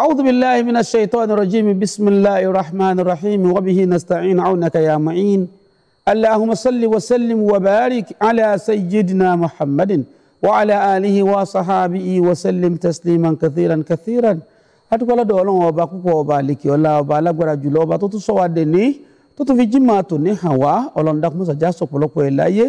أعوذ بالله من الشيطان الرجيم بسم الله الرحمن الرحيم وبه نستعين عونك يا معين اللهم صل وسلم وبارك على سيدنا محمد وعلى آله وصحابه وسلم تسليما كثيرا كثيرا àdúgbò lọ́dọ̀ Ọlọ́run ọba púpọ̀ ọba àlekè ọlá ọba alágbára jùlọ ọba tó tún sọ wá dé ní tó tún fi jímọ̀ tòní hàn wá Ọlọ́run dákúmọsà já sọ̀pọ̀lọpọ̀ ẹ láyé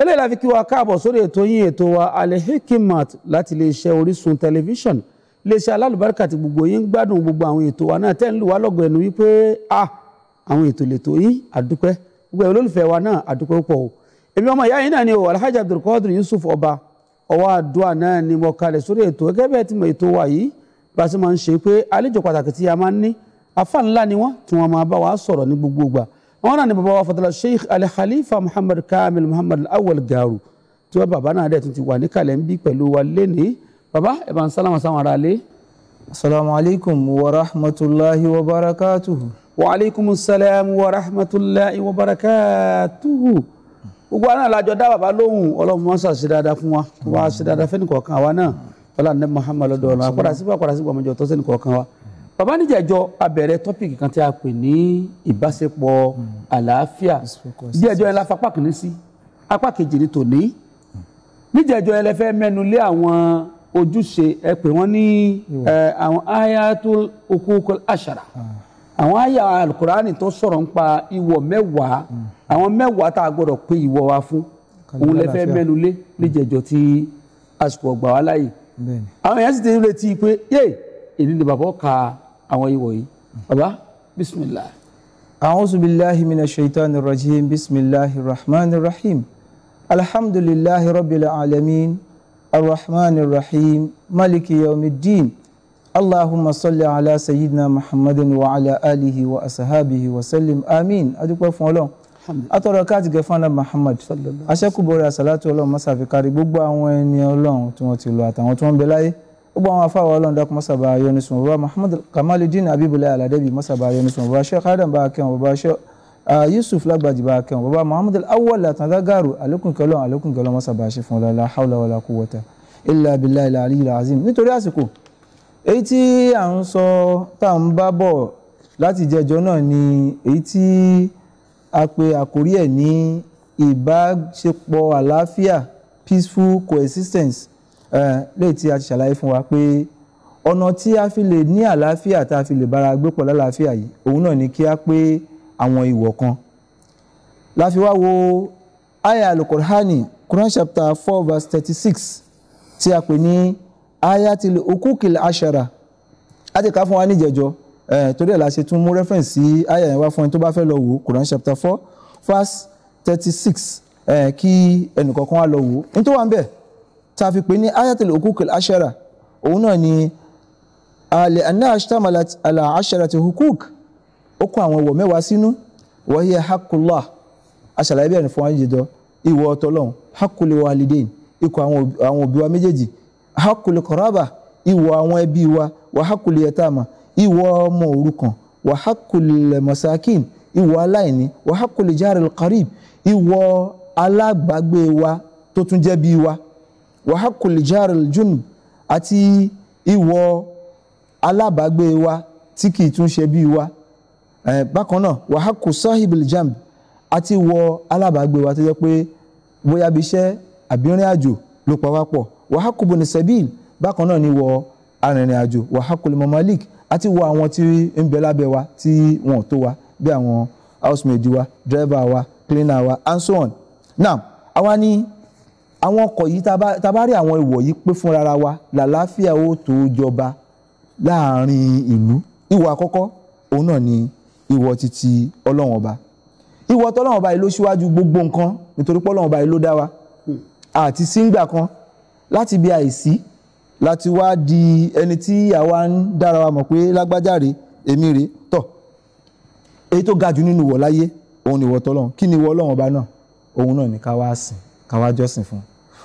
eléyìí la fi kí wa káàbọ̀ sórí ètò yín ètò wa Al Hikmat láti iléeṣẹ́ Orísun tẹlifíṣàn iléeṣẹ́ alálùbáríkà ti gbogbo yín gbádùn gbogbo àwọn ètò wa náà tẹ́ ń lọ́gọ̀ ẹnu wípé a àwọn ètò lè tó yín àdúpẹ́ gbogbo olólùfẹ́ wa náà àdúpẹ́ púpọ̀ o èmi ọmọ ìyá yín náà ni o alhaji abdulkadir yusuf ọba ọwọ́ àdúrà náà ni mo kalẹ̀ sórí ètò gẹ́gẹ́ bẹ́ẹ̀ ti mọ ètò wa yìí bá a ṣe máa ń ṣe pé àlejò pàtàkì tí a máa ń ní afa ńlá ni wọn tí wọn máa bá wa sọ̀rọ̀ ní gbogbo ìgbà àwọn náà ni bàbá wa fadala sheikh ali khalifa muhammad kamil muhammad awal garu tí wọn bàbá náà dẹ̀ tún ti wà níkàlẹ̀ ń bí pẹ̀lú wa lénìí bàbá ẹ bá ń sálàmù sáwọn ará ilé. asalaamu alaykum wa rahmatulahi wa barakatuhu. wa alaykum salaam wa rahmatulahi wa barakatuhu. gbogbo àná làjọ dá bàbá lóhùn ọlọ́run mọ́sá ṣe dáadáa fún wa wá ṣe dáadáa fẹ́ni kọ̀ọ̀kan àwa náà tọ́lá ní muhammed lọ́dọ̀ ọ̀la padà sí bá padà sí gbọmọjọ tó sẹ́ni kọ̀ọ̀kan wa. bàbá níjẹ̀jọ́ a bẹ̀rẹ̀ tọ́pìkì kan tí a pè ní ìbáṣepọ̀ àlàáfíà níjẹ̀jọ́ yẹn la fapá kìíní apá kejì ní tòní níjẹ̀jọ́ yẹn lẹ fẹ́ lé àwọn ojúṣe ẹ pè wọ́n ní hmm. àwọn ayatul okukul ashara hmm. àwọn àyà alukurani tó sọ̀rọ̀ ń pa ìwọ̀ mẹ́wàá hmm. àwọn mẹ́wàá tá a gbọ́dọ̀ pé ìwọ̀ wa fún òun lè fẹ́ mẹ́nu lé níjẹ̀jọ́ tí àsìkò ọgbà wa láàyè àwọn èèyàn sì ti retí pé yé èdè ni bàbá ka àwọn ìwọ̀ yìí bàbá bisimilah. a'udhu billahi minash shaitani rajim bismillahir rahmanir rahim alhamdulillahi rabbil alamin. الرحمن الرحيم مالك يوم الدين اللهم صل على سيدنا محمد وعلى آله وأصحابه وسلم آمين adúpẹ́ fún Ọlọ́run atọrọ káàtì gẹfọnà Muhammad aṣẹkùbọrẹ àṣàlátù Ọlọ́run mọsà fi kárí gbogbo àwọn ẹni Ọlọ́run tí wọ́n ti lọ àtàwọn tí wọ́n ń bẹ láyé gbogbo àwọn afáwọ Ọlọ́run dákun mọsà bá yọ́nú sùn bàbá Muhammad Kamaludin Abibulayi Aladebi mọsà bá yọ́nú sùn bàbá akẹwọn bàbá Sheikh Ah, yusuf lágbàjìbá akẹ́wọ̀n bàbá muhammad awwal àtàndágàrò àlékùnkẹ́lọ́ àlékùnkẹ́lọ́ mọ́sàbáṣe fún ọlọ́lá hawla wala quwwata illa billahi al-aliyyil azim nítorí àsìkò èyí tí à ń sọ tá à ń bá bọ̀ láti jẹjọ náà ni èyí tí a pe àkórí ẹ̀ ní ìbáṣepọ̀ àlàáfíà peaceful coexistence eh, léyìí tí a ti ṣàlàyé fún wa pé ọ̀nà tí a fi lè ní àlàáfíà tá a fi lè bára gbé pọ̀ lálàáfíà yìí òun náà ni kí a pé àwọn ìwọ̀ kan láfi wá wo aya alukurhani Quran chapter four verse thirty-six tí a pè ní ayatil okukil ashara a ti kà fún wa níjẹ̀jọ́ torí ẹ̀ la ṣe tún mú reference sí aya yẹn wá fún ẹni tó bá fẹ́ lọ wò Quran chapter four verse thirty-six kí ẹnìkọ̀ọ̀kan wá lọ wò nítorí wà ń bẹ̀ tá a fi pè ní ayatil okukil ashara òun náà ni alẹ́ anáà shtamalat ala asharati hukuk ó kó àwọn ìwọ̀ mẹ́wàá sínú wọ́yẹ hakullah aṣàlàyé bẹ́ẹ̀ ni fún wa jẹjọ ìwọ ọtọlọ́hún hakul walidain ikọ̀ àwọn òbí wa méjèèjì hakul qaraba ìwọ àwọn ẹbí wa wà hakul yatama ìwọ ọmọ òrukàn wà hakul masakin ìwọ aláìní wà hakul jaril qarib ìwọ alábàágbé wa tó tún jẹ́ bí wa wà hakul jaril junub àti ìwọ alábàágbé wa tí kì í tún ṣe bí wa bákan náà wàhákù sahibul jamb àti wọ alábàágbé wa tó jẹ́ pé bóyá bí iṣẹ́ àbírìn àjò ló pa wá wàhákù bùnú sẹ́bíl bákan náà ni wọ arìnrìn àjò wàhákù lè mọ̀mọ́lík àti wọ àwọn tí ń bẹ lábẹ́ wa tí wọ́n tó wa bí àwọn housemaid wa driver wa cleaner wa and so on now àwa ni àwọn ọkọ̀ yìí tá bá rí àwọn ìwọ̀ yìí pé fúnra wa làlàáfíà ó tó jọba láàrin ìlú ìwọ̀ àkọ́kọ́ òun náà ni ìwọ títí ọlọ́run ọba ìwọ tọ́lọ́run ọba yìí ló ṣíwájú gbogbo nǹkan nítorí pọ́lọ́run ọba yìí ló dá wa àti hmm. síngbà kan láti bí àìsí láti wá di ẹni tí àwa ń dára wa mọ̀ pé lágbájáre èmi rè tọ̀ èyí tó ga jù nínú wọ̀ láyé òun ni ìwọ tọ́lọ́run kí ni ìwọ ọlọ́run ọba náà òun náà ni ká wá sìn ká wá jọ́sìn fún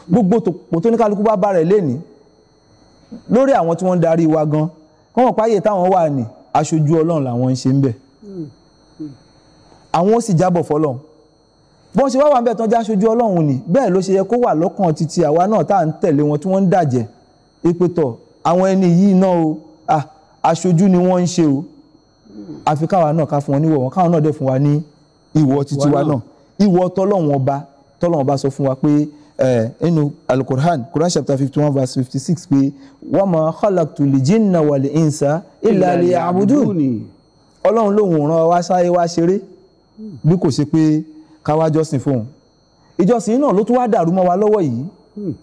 gbogbo tòpò tó ní kálukú bá bá rẹ̀ lénìí lórí àwọn tí wọ́n ń darí wa gan wọ́n mọ̀ páyè táwọn wà ní aṣojú ọlọ́run làwọn ń ṣe ń bẹ̀ àwọn ó sì jábọ̀ fọlọ́run bọ́n ṣe wá wà ń bẹ̀ tán já aṣojú ọlọ́run ni bẹ́ẹ̀ ló ṣe yẹ kó wà lọ́kàn títí àwa náà tá à ń tẹ̀lé wọn tí wọ́n ń dàjẹ́ ìpètọ̀ àwọn ẹni yìí náà o aṣojú ni wọ́n ń ṣe o àfi káwa náà ká fún wọn níwọ̀ wọn káwọn náà dẹ̀ fún wa ní ìwọ̀ títí wa náà ìwọ̀ tọ́lọ́run ọba tọ́lọ́run ọba sọ fún wa pé nínú alukur'an quran chapter fifty one verse fifty six pé wa ma khalaqtu l-jinna wal-insa illa liya'budun ọlọ́run lòun ràn wá sáyé wá ṣeré bí kò ṣe pé káwá jọ́sìn fóun ìjọsìn náà ló tún wá dàrú mọ́ wa lọ́wọ́ yìí hmm.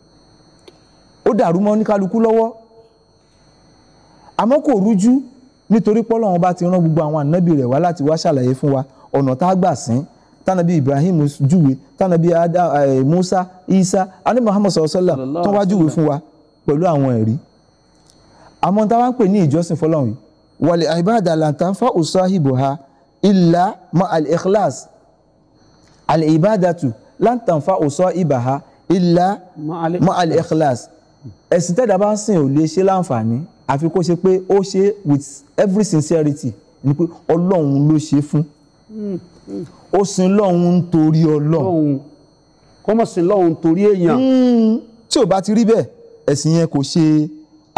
ó dàrú mọ́ oníkálukú lọ́wọ́ àmọ́ kò rújú nítorí pọ́lọ́run bá ti rán gbogbo àwọn ànábì rẹ̀ wá láti wá ṣàlàyé fún wa ọ̀nà tá a gbà sìn tánàbí Ibrahim júwe tánàbí eh, Musa Isa ani Muhammad sọ̀rọ̀sọ́là tó wá júwe fún wa pẹ̀lú àwọn ẹ̀rí àmọ́ tá a wá ń pè ní ìjọsìn fọlọ́run wàlẹ̀ àìbáàdà làǹtà fáwọ̀sọ àhìbò ha illa ma al-ikhlas al-ibadatu lan tanfa'u sa'ibaha illa ma al-ikhlas ẹ̀sìn tẹ́dá bá ń sìn ò lè ṣe láǹfààní àfi kó ṣe pé ó ṣe with every sincerity ni pé ọlọ́run ló ṣe fún ó sin lọ́run nítorí ọlọ́run kó mọ̀ sin lọ́run torí èèyàn. Hmm. tí ò bá ti rí bẹ́ẹ̀ ẹ̀sìn yẹn kò ṣe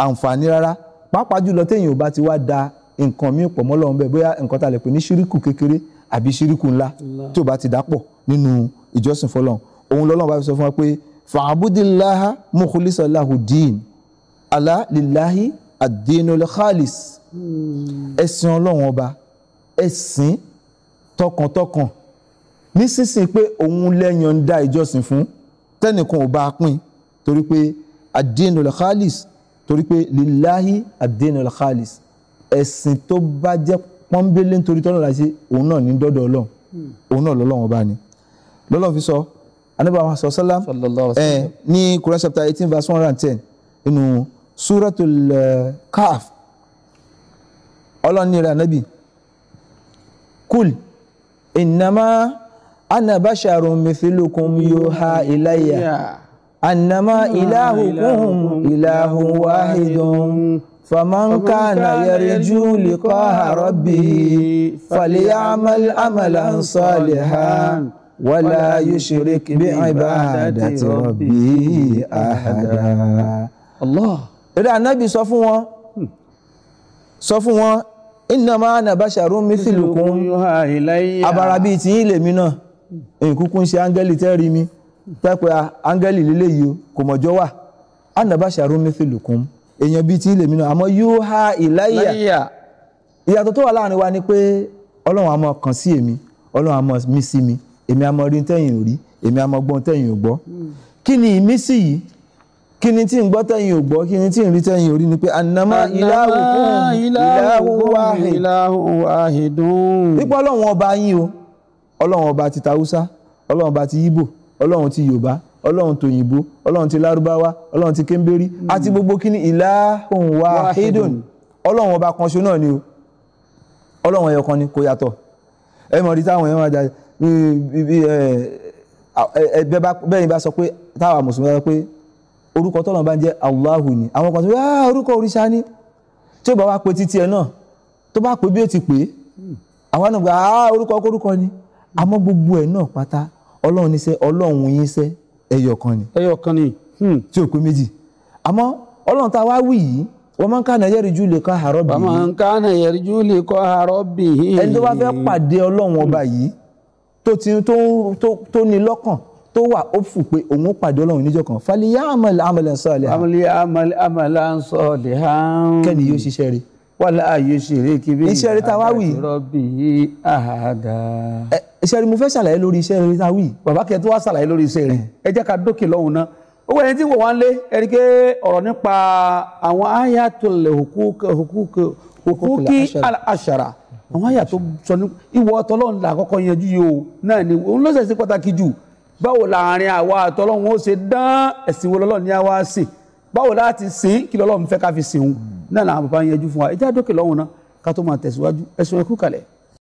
àǹfààní rárá pàápàá jùlọ téèyàn ò bá ti wá da nǹkan míì pọ̀ mọ́lọ́run bẹ́ẹ̀ bóyá nǹkan tá a lè pè ní ṣíríkù kékeré àbí ṣíríkù ńlá tí ò bá ti dàpọ̀ nínú ìjọsìn fọlọ́run òun lọ́lọ́run bá fi sọ fún wa pé fàábùdíláha mùkúlísọ̀láhù dín alá lìláhi khalis hmm. ẹ̀sìn ọlọ́run ọba ẹ̀sìn tọkàntọkàn ní sísìn pé òun lẹ́yìn ń dá ìjọsìn fún tẹ́nìkan ò bá a pín torí pé àdínul khalis torí pé lìláhi àdínul khalis ẹ̀sìn tó bá jẹ́ pọ́nbélé nítorí tọ́lọ́ la ṣe òun náà ní dọ́dọ̀ ọlọ́run hmm. òun náà lọ́lọ́run ọba ni lọ́lọ́run fi sọ anábàá wa sọ sálám eh, ní Quran chapter eighteen verse one hundred and ten inú suratul eh, Kahf ọlọ́run ní rẹ̀ anábì kul innama ana basharun mithlukum yuha ilayya. أنما إلهكم إله واحد فمن كان يرجو لقاء ربه فليعمل عملا صالحا ولا يشرك بعبادة ربه أحدا الله إذا النبي sọ fún wọn sọ إنما أنا بشر مثلكم abara bíi tiyín lèmi náà nkúkú ń ṣe áńgẹ́lì tẹ́rí mi. pẹ́pẹ́ áńgẹ́lì lélẹ́yìí o kò mọ̀jọ́ wà ánàbàṣà rúmífìlùkún èèyàn bíi ti ilẹ̀ mìíràn àmọ yóò ha ìláyà ìyàtọ̀ tó wà láàrin wa ni pé ọlọ́run àmọ́ kàn sí èmi ọlọ́run àmọ́ mi sí mi èmi rí gbọ́n ò gbọ́ kí yìí kí ni tí ń gbọ́ ò gbọ́ kí ni ni pé ìlàhùn ọlọ́run ti yorùbá ọlọ́run tòyìnbó ọlọ́run ti lárúbáwá ọlọ́run ti kéńbérí hmm. àti gbogbo kíní ìlàhùn wahidun ọlọ́run ọba kan ṣo náà ni o ọlọ́run ẹyọ kan ni kò yàtọ̀ ẹ mọ̀ rí táwọn ẹ̀wọ̀n àjà bẹ́ẹ̀ ni bá sọ pé táwa mùsùlùmí sọ pé orúkọ tọ́lọ́run bá ń jẹ́ Allahu ni àwọn kan sọ pé ah, orúkọ òrìṣà ni tí ó bá wá pe títí ẹ náà tó bá pe bí ó ti pè é hmm. àwọn náà gba ah, orúkọ kórúkọ ni àmọ́ gbogbo ẹ̀ náà pátá ọlọ́run níṣẹ́ ọlọ́run yín ṣẹ́ ẹyọ kan ni. ẹyọ kan ni. Hmm. tí ò pé méjì àmọ́ ọlọ́run tá a wá wí yìí wọ́n máa ń kánà yẹ́rì jù lè kọ́ àárọ̀ bì í. wọ́n máa ń kánà yẹ́rì jù lè kọ́ àárọ̀ bì í. ẹni tó bá fẹ́ pàdé ọlọ́run ọba yìí tó ti tó ní lọ́kàn tó wà ó fù pé òun pàdé ọlọ́run níjọ́ kan fàlíyà àmàlà àmàlà ń hàn. àmàlà àmàlà ń sọ hàn. kẹ́ni yóò ṣiṣẹ́ rí. wàhálà ayé ṣeré kí bí. iṣẹ́ rí bì í àhàdà ṣẹ́ni mo fẹ́ ṣàlàyé lórí iṣẹ́ rẹ̀ táwí bàbá kẹ́ẹ̀ tó wá ṣàlàyé lórí iṣẹ́ rẹ̀ ẹ jẹ́ ká dókè lọ́hùn náà owó ẹni tí wò wá ń lé ẹni pé ọ̀rọ̀ nípa àwọn àyà tó lè hukuki al-ashara àwọn àyà tó sọ ní ìwọ ọtọlọ́run là kọ́kọ́ yanjú yìí o náà ni òun ló ṣẹ̀ṣẹ̀ pàtàkì jù báwo láàrin àwa àtọlọ́run ó ṣe dán ẹ̀sìn wo lọ́lọ́run ní àwa sìn báwo láti sìn kí lọ́lọ́run fẹ́ ká fi sìn òun náà làwọn bàbá yanjú fún wa ẹ jẹ́ àdókè lọ́hùn náà ká tó máa tẹ̀síwájú ẹ̀sùn ẹ̀kú kalẹ̀.